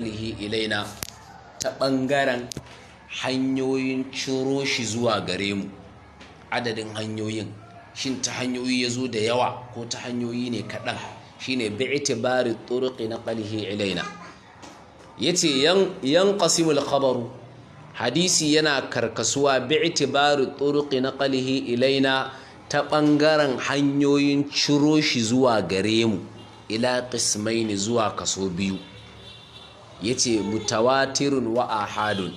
lihi ilaina ta ɓangaren hanyoyin ciro shi zuwa gare mu adadin hanyoyin shin ta hanyoyi ya zo da yawa ko ta hanyoyi ne kaɗan shine bi itibari turuqi na qalihi ilaina yace yan yan qasimul khabaru hadisi yana karkasuwa bi itibari turuqi na qalihi ilaina ta ɓangaren hanyoyin ciro shi zuwa gare mu ila ne zuwa kaso biyu ya yace mutawatirun wa ahadun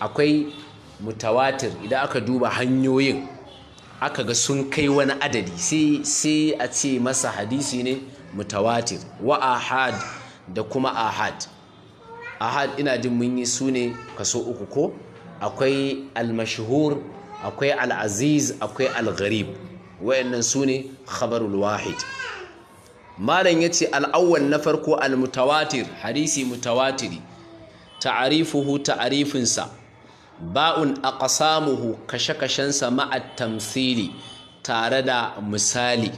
akwai mutawatir idan aka duba hanyoyin aka ga sun kai wani adadi sai a ce masa hadisi ne mutawatir wa ahad da kuma ahad ahad ina jin mun yi su ne kaso uku ko akwai almashhur akwai al'aziz akwai algarib wayannan su ne khabarul wahid malam ya ce awwal na farko al-mutawatir hadisi mutawatiri ta'arifuhu ta'arifinsa ba'un ba'un aqsamuhu kashe kashensa ma'a tamthili tare da misali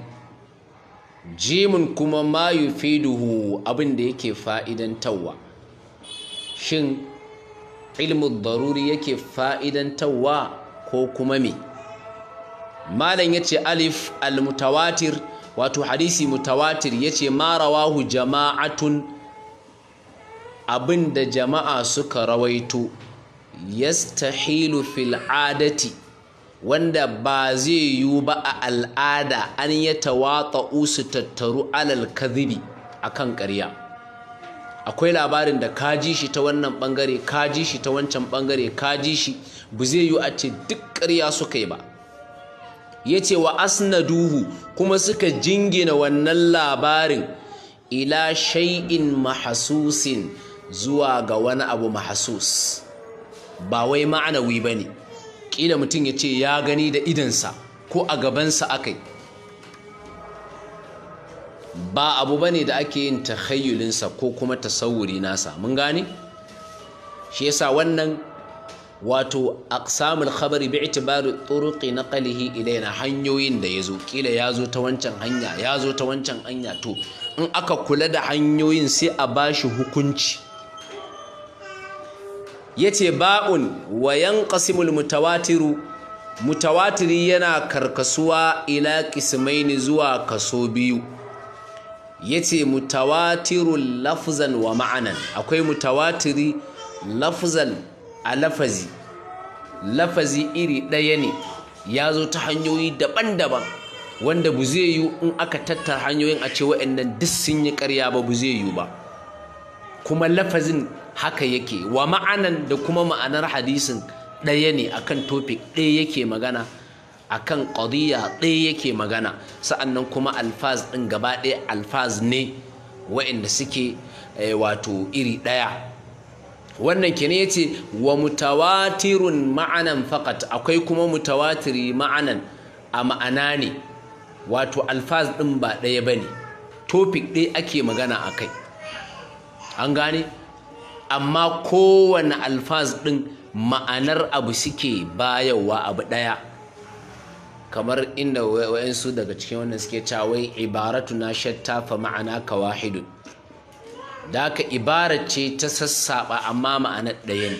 jimin kuma ma yufiduhu abin da yake fa'idan fa'idantarwa shin ilmin daruri yake fa'idan fa'idantarwa ko kuma me malam ce alif al-mutawatir wato hadisi mutawatir yace ma rawahu jama'atun abinda jama'a suka rawaito yastahilu fil adati wanda ba zai yiwu ba a al'ada an ya tawata su tattaru alal kadhibi akan ƙarya akwai labarin da ka shi ta wannan bangare ka shi ta wancan bangare ka ji shi bu zai yiwu a ce duk ƙarya suka yi ba ya ce wa asnaduhu kuma suka jingina wannan labarin ila shay'in mahasusin zuwa ga wani abu mahasus ba wai ma'anawi ba ne ƙila mutum ya ce ya gani da idansa ko a gabansa yi ba abu ba ne da ake yin takhayyulinsa ko kuma tasawuri nasa mun gane shi yasa wannan wato aqsamul khabari bi itibari turuqi naqlihi ilaina hanyoyin da yazo kila yazo ta wancan hanya yazo ta wancan hanya to in aka kula da hanyoyin sai a bashi hukunci yace ba'un wa yanqasimul mutawatiru mutawatiri yana karkasuwa ila qismaini zuwa kaso biyu yace mutawatirul lafzan wa ma'anan akwai mutawatiri lafzan a lafazi lafazi iri ɗaya ne ya zo ta hanyoyi daban-daban wanda bu zai yiwu in aka tattara hanyoyin a ce wa'annan duk sun yi ƙarya ba bu zai yi ba kuma lafazin haka yake wa ma'anan da kuma ma'anar hadisin ɗaya ne akan topic ɗaya yake magana akan ƙadiyya ɗaya yake magana sa'annan kuma alfaz ɗin gaba ɗaya alfaz ne wa'anda suke eh, wato iri ɗaya wannan kene ce wa mutawatirun ma'anan fakat akwai kuma mutawatiri ma'anan a ma'ana ne wato alfaz din ba ɗaya bane topic ɗaya ake magana a kai an gane amma kowane alfaz din ma'anar abu suke bayarwa abu ɗaya kamar inda wayansu daga cikin wannan suke wai ibaratu na shatta fa ma'ana wahidun da haka ibara ce ta sassaɓa amma ma'ana ɗaya ne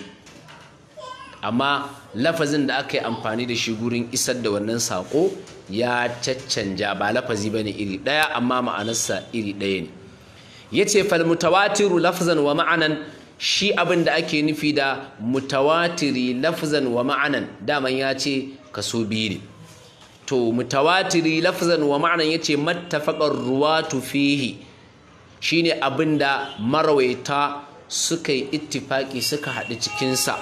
amma lafazin da aka yi amfani da shi gurin isar da wannan saƙo ya caccanja ba lafazi ba ne iri ɗaya amma ma'anarsa iri ɗaya ne ya ce falmutawatiru lafazan wa ma'anan shi abin da ake nufi da mutawatiri lafazan wa ma'anan daman ya ce kaso biyu ne to mutawatiri lafazan wa ma'anan ya ce mattafaƙar tufihi fihi shine abin da marawaita suka yi ittifaki suka haɗu cikinsa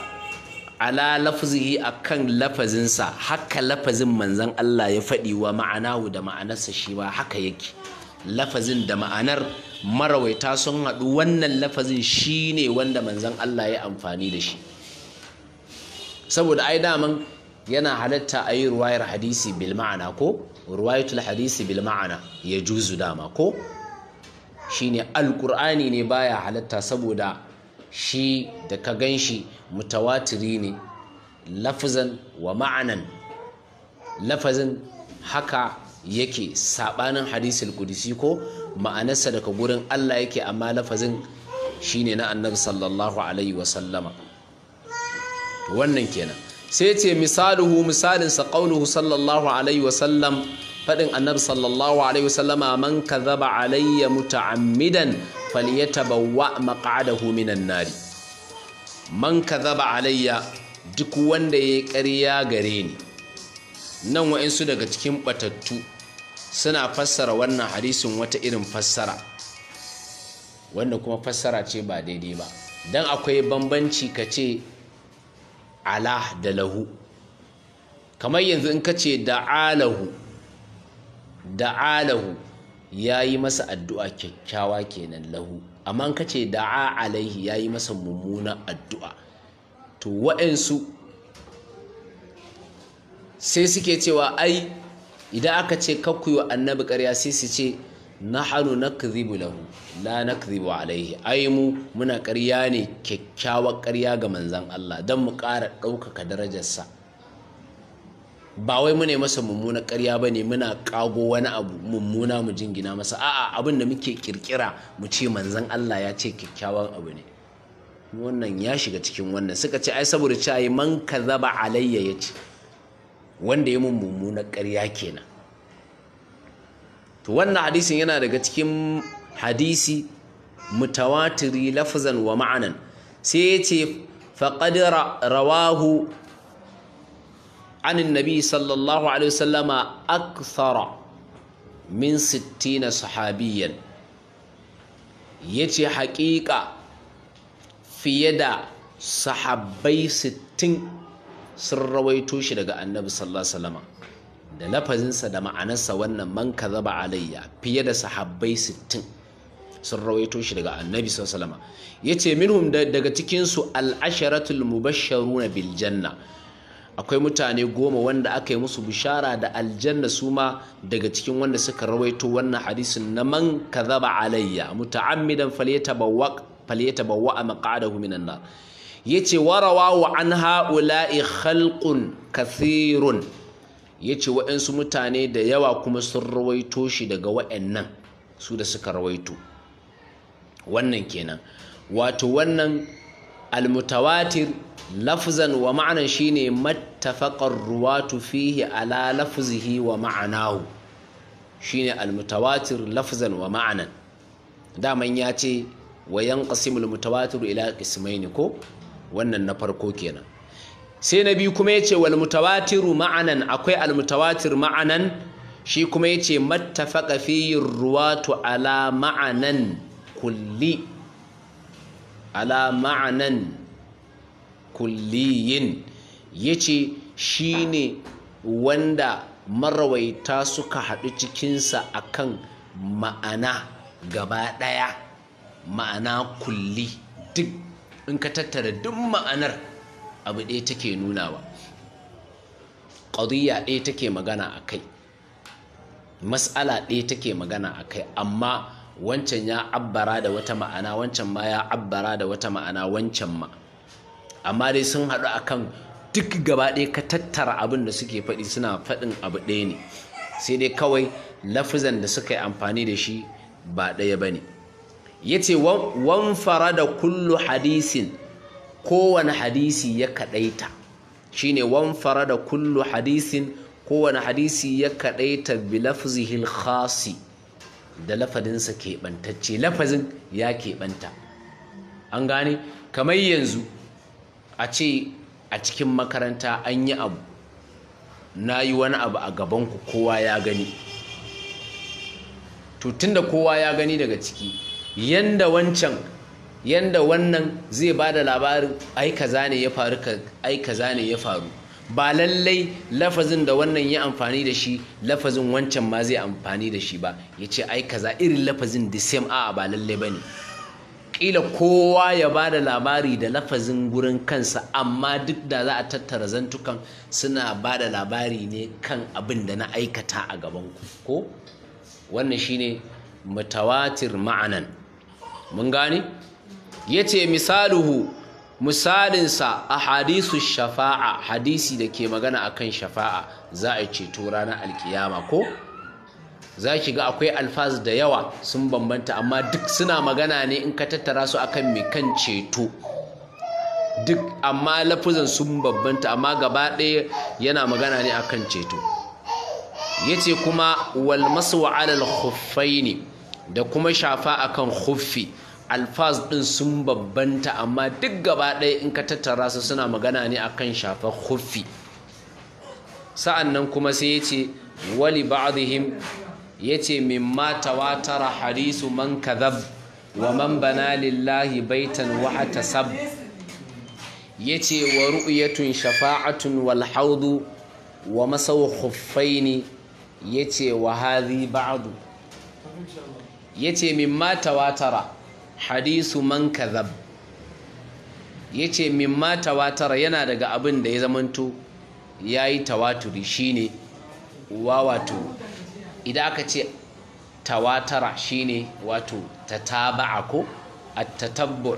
ala a kan lafazinsa haka lafazin manzan Allah ya faɗi wa ma'anahu da ma'anarsa shi ma haka yake lafazin da ma'anar marawaita sun haɗu wannan lafazin shine wanda manzan Allah ya amfani da shi saboda ai daman yana halatta a yi ruwayar hadisi bil ma'ana ko ruwayatul hadisi bil ma'ana ya juzu dama ko shine alkur'ani ne baya halatta saboda shi da ka gan shi mutawatiri ne lafazan wa ma'anan lafazin haka yake sabanin hadisul kudisi ko ma'anarsa daga gurin Allah yake amma lafazin shine na annabi sallallahu alaihi wasallama wannan kenan sai ce misaluhu misalin sa ƙaunuhu sallallahu alaihi wasallam faɗin annabi sallallahu alaihi wasallama man ka zaba alayya muta'ammidan wa maq'adahu minan nari man ka zaba alayya duk wanda yayi ƙarya gare ni nan wa'insu daga cikin batattu suna fassara wannan hadisin wata irin fassara wanda kuma fassara ce ba daidai ba dan akwai bambanci ka ce ala da lahu kamar yanzu in ka ce da'alahu da'a lahu ya yi masa addu'a kyakkyawa kenan lahu amma ka ce da'a alaihi ya yi masa mummuna addu'a to wa'ansu sai suke cewa ai idan aka ce kakkuyo annabi karya sai su ce na hannu nahanu nakdhibu lahu la nakdhibu alaihi ai mu muna karya ne kyakkyawa karya ga manzan Allah don mu ƙara ɗaukaka darajarsa ba wai muna masa mummuna karya ba ne muna kago wani abu mummuna mu jingina masa a'a abin da muke ƙirƙira mu ce manzan Allah ya ce kyakkyawan abu ne wannan ya shiga cikin wannan suka ce ai saboda cewa ai man kazaba alayya ya ce wanda ya mun mummuna ƙarya kenan to wannan hadisin yana daga cikin hadisi mutawatiri lafzan wa ma'anan sai ya ce faqad rawahu anin nabi sallallahu alaihi wasallama akthara min sittina sahabiyan yace haƙiƙa fiye da sahabbai sittin sun rawaito shi daga annabi sallallahu alaihi wasallama da lafazinsa da ma'anarsa wannan man kazaba alayya fiye da sahabbai sittin sun rawaito shi daga annabi sallallahu alaihi wasallama yace minhum daga cikin su al-asharatul mubashsharuna bil janna akwai mutane goma wanda aka yi musu bishara da aljanna su ma daga cikin wanda suka rawaito wannan hadisin na man zaba alayya muta'ammidan falyatabawwa huminan na Ya ce warawa wa an haula'i khalqun kathirun ce wa'ansu mutane da yawa kuma sun rawaito shi daga wa'annan su da suka rawaito wannan kenan wato wannan almutawatir lafzan wa ma'anan shine mattafaqar ruwatu fihi ala lafzihi wa ma'anahu shine almutawatir lafzan wa ma'anan daman ya ce wa yanqasimul mutawatir ila qismaini ko wannan na farko kenan sai na biyu kuma yace wal mutawatiru ma'anan akwai al mutawatir ma'anan shi kuma yace mattafaqa fihi ruwatu ala ma'anan kulli ala ma'anan kulliyin yace shine wanda marawaita suka haɗu cikinsa akan ma'ana gaba ɗaya ma'ana kulli duk in ka tattara duk ma'anar abu ɗaya take nunawa ƙadiyya ɗaya take magana a kai mas'ala ɗaya take magana a kai amma wancan ya abbara da wata ma'ana wancan ma ya abbara da wata ma'ana wancan ma amma dai sun haɗu kan duk gaba ɗaya ka tattara abin da suke faɗi suna faɗin abu ɗaya ne sai dai kawai lafizan da suka yi amfani da shi ba ɗaya ba ne ya ce wan fara da kullu hadisin kowane hadisi ya kaɗaita shi ne wan da kullu hadisin kowane hadisi ya kaɗaita bi lafizihil khasi da lafazinsa keɓantacce lafazin ya keɓanta an gane kamar yanzu a ce a cikin makaranta an yi abu na yi wani abu a gabanku kowa ya gani to da kowa ya gani daga ciki yanda wancan yanda wannan zai ba da labarin aika zane ya faru ka aika ne ya faru ba lallai lafazin da wannan ya amfani da shi lafazin wancan ma zai amfani da shi ba ya ce ai kaza irin lafazin the same a'a ba lallai ba ne ƙila kowa ya ba da labari da lafazin gurin kansa amma duk da za a tattara zantukan suna ba da labari ne kan abin da na aikata a gaban ku. ko wannan shine mutawatir ma'anan mun gane ya ce misaluhu misalinsa a hadisu shafa'a hadisi da ke magana akan shafa'a za a ceto ranar alkiyama ko za ki ga akwai alfaz da yawa sun bambanta amma duk suna magana ne in ka tattara su akan mai kan ceto duk amma lafuzan sun bambanta amma gaba ɗaya yana magana ne akan ceto Ya ce kuma wal masu alal ne, da kuma shafa akan huffi alfaz din sun babbanta amma duk gaba ɗaya in ka tattara su suna magana ne akan shafar huffi sa'an nan kuma sai ya ce wali ba'adihim ya ce mimma watara harisu man kadhab wa man bana lillahi baitan wa yace ya ce wa ru'yatun shafa'atun wal haudu wa masau khuffaini ya ce wa hazi ba'adu ya ce mimma watara hadisu man kadhab yace mimma tawatara yana daga abin da ya zamanto yayi tawaturi shine wato idan aka ce tawatara shine wato tataba'a ko at-tatabbu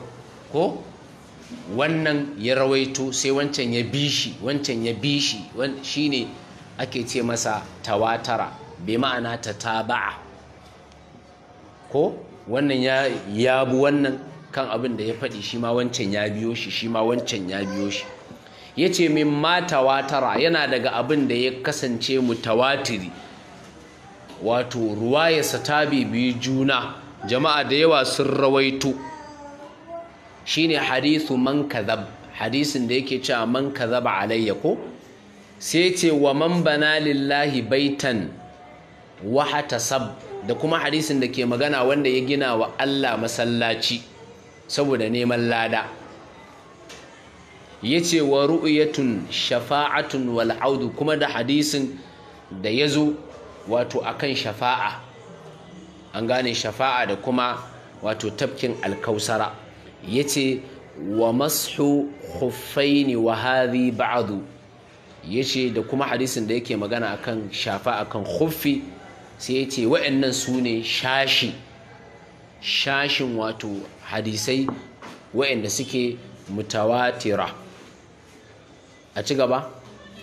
ko wannan ya rawaito sai wancan ya bi shi wancan ya bi shi shine ake ce masa tawatara bi ma'ana tataba'a ko wannan ya bi wannan kan abin da ya faɗi shi ma wancan ya biyo shi shi ma wancan ya biyo shi ya ce min mata watara yana daga abin da ya kasance mu tawatiri. wato ruwa ya sata biyu juna jama'a da yawa sun rawaito shine hadisu man kadhab hadisin da yake cewa man kadhaba alayya ko sai ce wa man bana lillahi baitan wa hatasab da kuma hadisin da ke magana wanda ya gina wa Allah masallaci saboda neman lada ya ce wa ru'yatun shafa'atun wal'audu kuma da hadisin da ya zo wato akan shafa'a an gane shafa'a da kuma wato tafkin alkausara ya ce wa mashu ne wa hari ba'adu ya ce da kuma hadisin da yake magana akan shafa kan hufi sai ya ce waɗannan su ne shashi shashin wato hadisai waɗanda suke mutawatira a ci gaba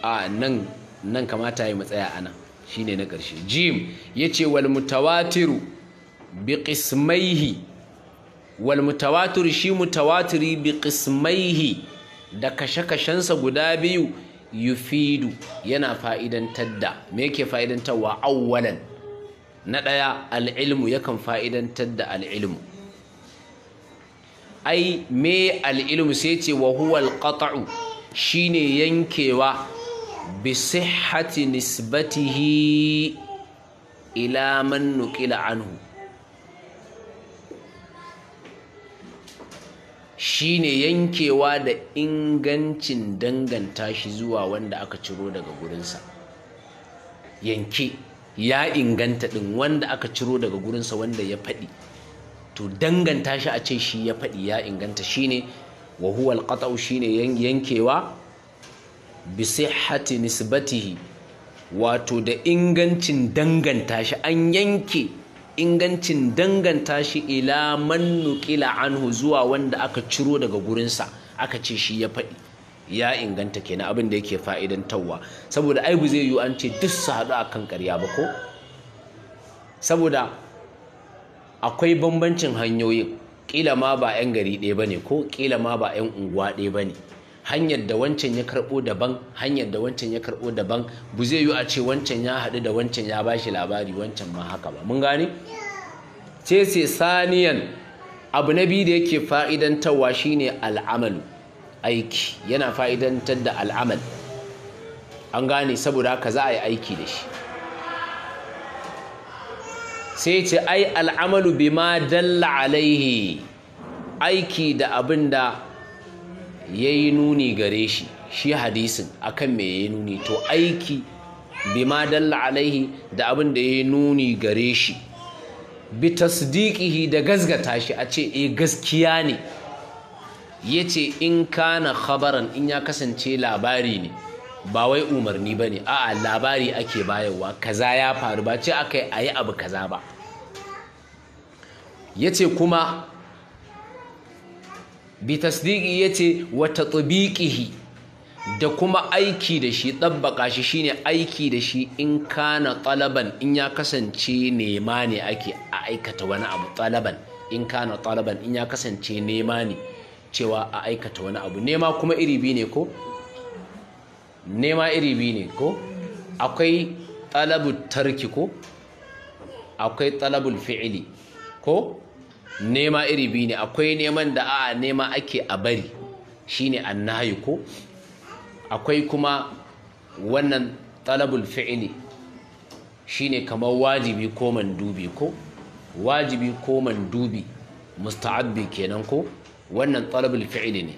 a nan nan kamata ya matsaya a nan ne na ƙarshe jim ya ce wal mutawatiru bi qismaihi wal mutawatiru shi mutawatiri bi qismaihi da kashe-kashensa guda biyu yufidu yana fa'idantar da me yake fa'idantarwa Auwalan? na ɗaya al'ilmu yakan fa'idantar da al'ilmu ai me al'ilmu sai ce wa huwal shi shine yankewa bisi sihhati nisbatihi ila nukila anhu anhu shine yankewa da ingancin danganta shi zuwa wanda aka ciro daga gurinsa yanke ya inganta din wanda aka ciro daga gurinsa wanda ya faɗi to danganta shi a ce shi ya faɗi ya inganta shi ne wa huwa shi ne yankewa bi sihhati nisbatihi wato da ingancin danganta shi an yanke ingancin danganta shi ila man nuqila anhu zuwa wanda aka ciro daga gurinsa aka ce shi ya faɗi ya inganta kenan abin da yake fa'idan tawa saboda ai bu zai yi an ce duk su haɗu kan ƙarya ba ko saboda akwai bambancin hanyoyi, ƙila ma ba 'yan gari ɗaya ba ne ko ƙila ma ba 'yan unguwa ɗaya ba ne hanyar da wancan ya karɓo daban hanyar da wancan ya karɓo daban bu zai yi a ce wancan ya haɗu da wancan ya ba shi labari wancan ma haka ba mun gane ce sai saniyan abu na biyu da yake fa'idantarwa shine al'amalu aiki yana fa'idantar da al'amal an gane saboda haka za a yi aiki da shi sai ce ai al'amalu bima dalla alaihi aiki da abin da ya yi nuni gare shi shi hadisin akan me ya yi nuni to aiki bima dalla alaihi da abin da ya yi nuni gare shi bi tasdiqihi da gazgata shi a ce e gaskiya ne ya ce in kana khabaran in ya kasance labari ne ba wai umarni ba ne a'a labari ake bayarwa kaza ya faru ba ce aka yi a yi abu kaza ba ya ce kuma bi tasdiki ya ce wata tsibikihi da kuma aiki da shi ɗabbaƙa shi shine aiki da shi in kana talaban in ya kasance nema ne ake a aikata wani abu talaban in kana talaban in ya kasance nema ne cewa a aikata wani abu nema kuma iri biyu ne ko nema iri biyu ne ko akwai talabul tarki ko akwai talabul fi'ili ko nema iri biyu ne akwai neman da a nema ake a bari shine annahi ko akwai kuma wannan talabul fi'ili shine kamar wajibi ko mandubi ko wajibi ko mandubi musta'abbi kenan ko wannan talabul fi'li ne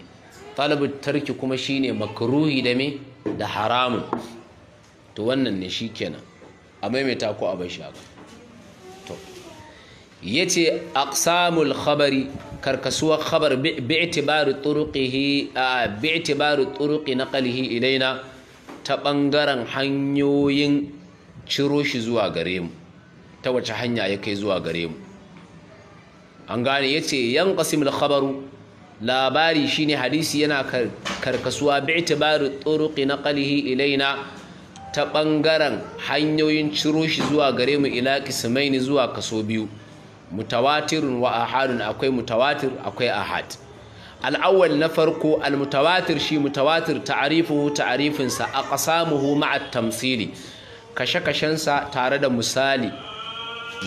talabul tarki kuma shine makruhi da me da haramun to wannan ne shikenan a maimaita ko a bashi haka to yace aqsamul khabari karkasuwar khabar bi'tibari turqihi bi'tibari turqi naqlihi ilaina ta bangaren hanyoyin ciro shi zuwa gare mu ta wace hanya ya kai zuwa gare mu an gane yace yanqasimul khabaru labari shine hadisi yana karkasuwa bi itibari turuqi naqlihi ilaina ta bangaren hanyoyin ciro shi zuwa gare mu ila kismaini zuwa kaso biyu mutawatirun wa ahadun akwai mutawatir akwai ahad al'awwal na farko al-mutawatir shi mutawatir ta'rifuhu ta'rifin sa aqsamuhu ma'a tamsili kashe sa tare da misali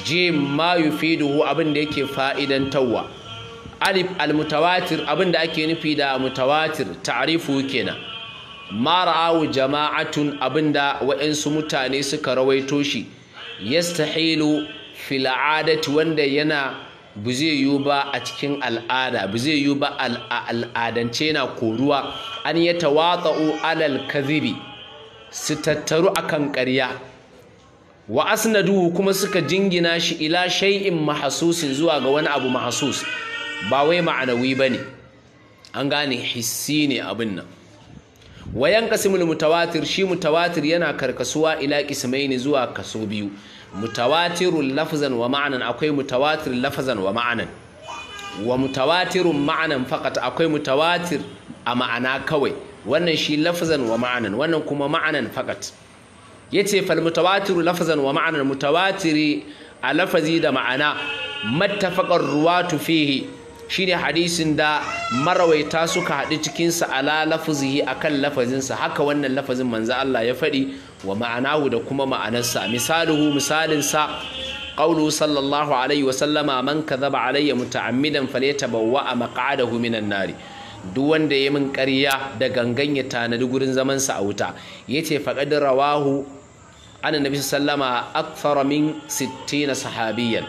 jim ma yufiduhu abin da yake fa'idan tawwa alif almutawatir abin da ake nufi da mutawatir ta'rifu kenan ma ra'awu jama'atun abinda wa'ansu mutane suka rawaito shi yastahilu fil adati wanda yana bu zai ba a cikin al'ada bu zai yiwu ba al'adance na koruwa an ya tawatsa'u alal kadhibi su tattaru akan ƙarya wa asnadu kuma suka jingina shi ila shay'in mahasusin zuwa ga wani abu mahasus ba wai ma'anawi ba ne an gane hissi ne abin nan wayan kasimul mutawatir shi mutawatir yana karkasuwa ila ne zuwa kaso biyu mutawatirun lafzan wa ma'anan akwai mutawatir lafzan wa ma'anan wa mutawatirun ma'anan fakat akwai mutawatir a ma'ana kawai wannan shi lafzan wa ma'anan wannan kuma ma'anan fakat yace fal mutawatiru lafzan wa ma'anan mutawatiri a lafazi da ma'ana mattafaqar ruwatu fihi shine hadisin da marawaita suka haɗu cikinsa ala lafazihi akan lafazinsa haka wannan lafazin manza Allah ya faɗi wa ma'anahu da kuma ma'anarsa misaluhu misalinsa qawlu sallallahu alaihi wa sallama man kadhaba alayya bawa, a maƙada minan nari duk wanda ya min ƙarya da gangan ya tanadi gurin zamansa a wuta ce faqad rawahu annabi sallama akthara min sittina sahabiyan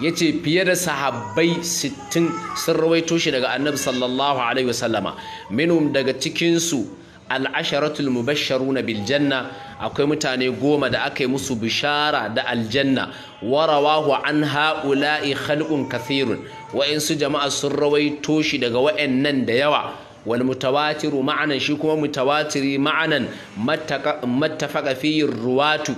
ya ce fiye da sahabbai sittin sun rawaito shi daga annabi sallallahu alaihi wasallama minum daga cikinsu al'asharatul mubasharu bil biljanna akwai mutane goma da aka yi musu bishara da aljanna warawahu an ha'ula'i khalqun kathirun wa'insu jama'a sun rawaito shi daga wa'annan da yawa wal mutawatiru ma'anan shi kuma mutawatiri ma'anan mattafaqa fihi ruwatu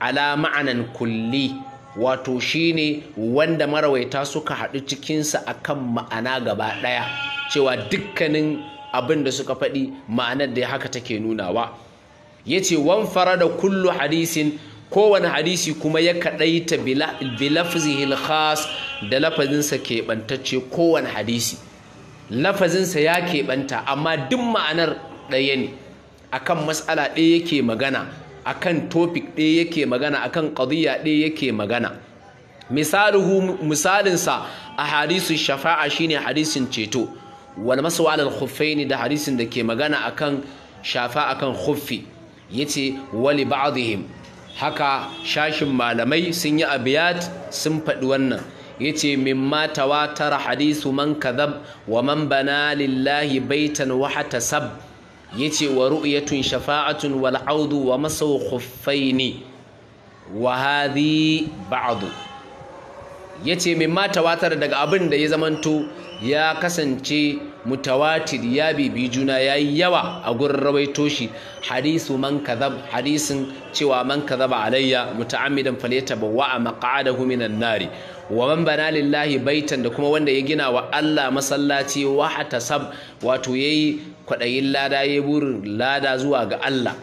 ala ma'anan kulli wato shine wanda marawaita suka haɗu cikinsa akan ma'ana gaba ɗaya cewa dukkanin abin da suka faɗi ma'anar da haka take nunawa ya ce wan fara da kullu hadisin kowane hadisi kuma ya kaɗaita bilafzihil khas da lafazinsa keɓantacce kowane hadisi lafazinsa ya keɓanta amma duk ma'anar ɗaya ne akan matsala ɗaya yake magana akan topic ɗaya yake magana akan qadiyya ɗaya yake magana misalinsa a hadisin shafa'a shine hadisin ceto wal masu alal khuffaini da hadisin da ke magana akan shafa akan khuffi yace wali ba'dihim haka shashin malamai sun yi abiyat sun faɗi wannan yace mimma tawatar hadisu man kadhab wa man bana lillahi baitan wa hatasab yace wa ru'yatun shafa'atun wal audu wa masaw ne wa hadhi ba'du yace mata watar daga abin da ya zamanto ya kasance mutawatir ya bibi juna ya yi yawa a gurin rawaito shi hadisu man kadhab hadisin cewa man kadhaba alayya muta'ammidan a maq'adahu minan nari wa man bana lillahi baitan da kuma wanda ya gina wa Allah masallaci wa hatasab wato yayi kwaɗayin lada ya burin lada zuwa ga Allah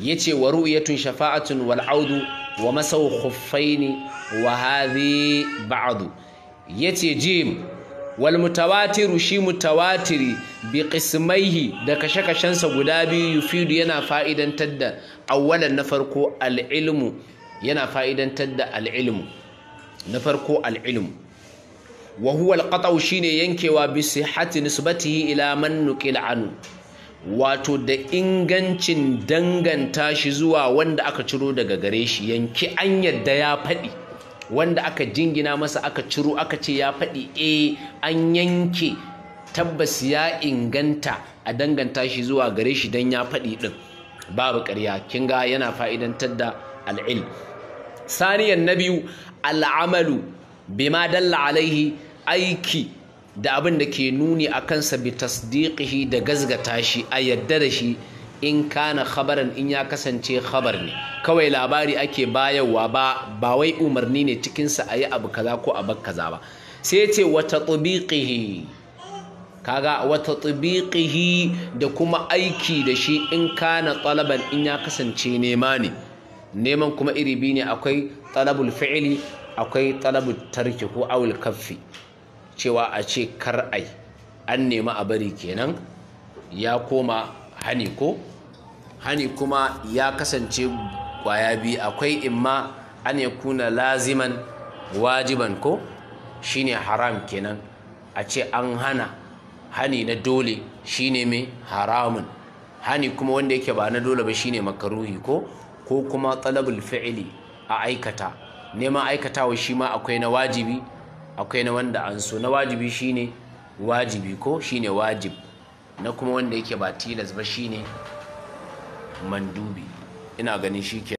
ya ce wa ru'yatun shafa'atun wal audu wa masau khuffaini wa hadhi ba'du ya ce jim wal mutawatiru shi mutawatiri bi qismaihi da kashe-kashensa guda biyu yufidu yana fa'idantar da awwalan na farko al yana fa'idantar da al na farko al wa huwa alqata'u shine yankewa bi sihhati nisbatihi ila man nuqil anhu wato da ingancin danganta shi zuwa wanda aka ciro daga gare shi yanki an yadda ya faɗi wanda aka jingina masa aka ciro aka ce ya faɗi eh an yanke tabbas ya inganta a danganta shi zuwa gare shi dan ya faɗi din. babu ƙarya kin ga yana fa'idantar da al'il saniyan na biyu al'amalu bima dalla alaihi aiki da abin da ke nuni a kansa bi tasdiqihi da gazgata shi a yadda da shi in kana khabaran in ya kasance khabar ne kawai labari ake bayarwa ba ba wai umarni ne cikinsa a yi abu kaza ko a kaza ba sai ce wata tubiqihi kaga wata tubiqihi da kuma aiki da shi in kana talaban in ya kasance nema ne neman kuma iri biyu ne akwai talabul fi'ili akwai talabul tarki ko awul kaffi cewa a ce kar'ai an nema a bari kenan ya koma hani ko hani kuma ya kasance kwaya biyu akwai imma an ya kuna laziman wajiban ko shine haram kenan a ce an hana hani na dole shine mai haramun hani kuma wanda yake ba na dole ba shine makaruhi ko ko kuma talabul fi'ili a aikata neman aikatawa shi ma akwai na wajibi akwai na wanda an so na wajibi shine wajibi ko shine wajib na kuma wanda yake ba tilas ba shine mandubi ina ganin shi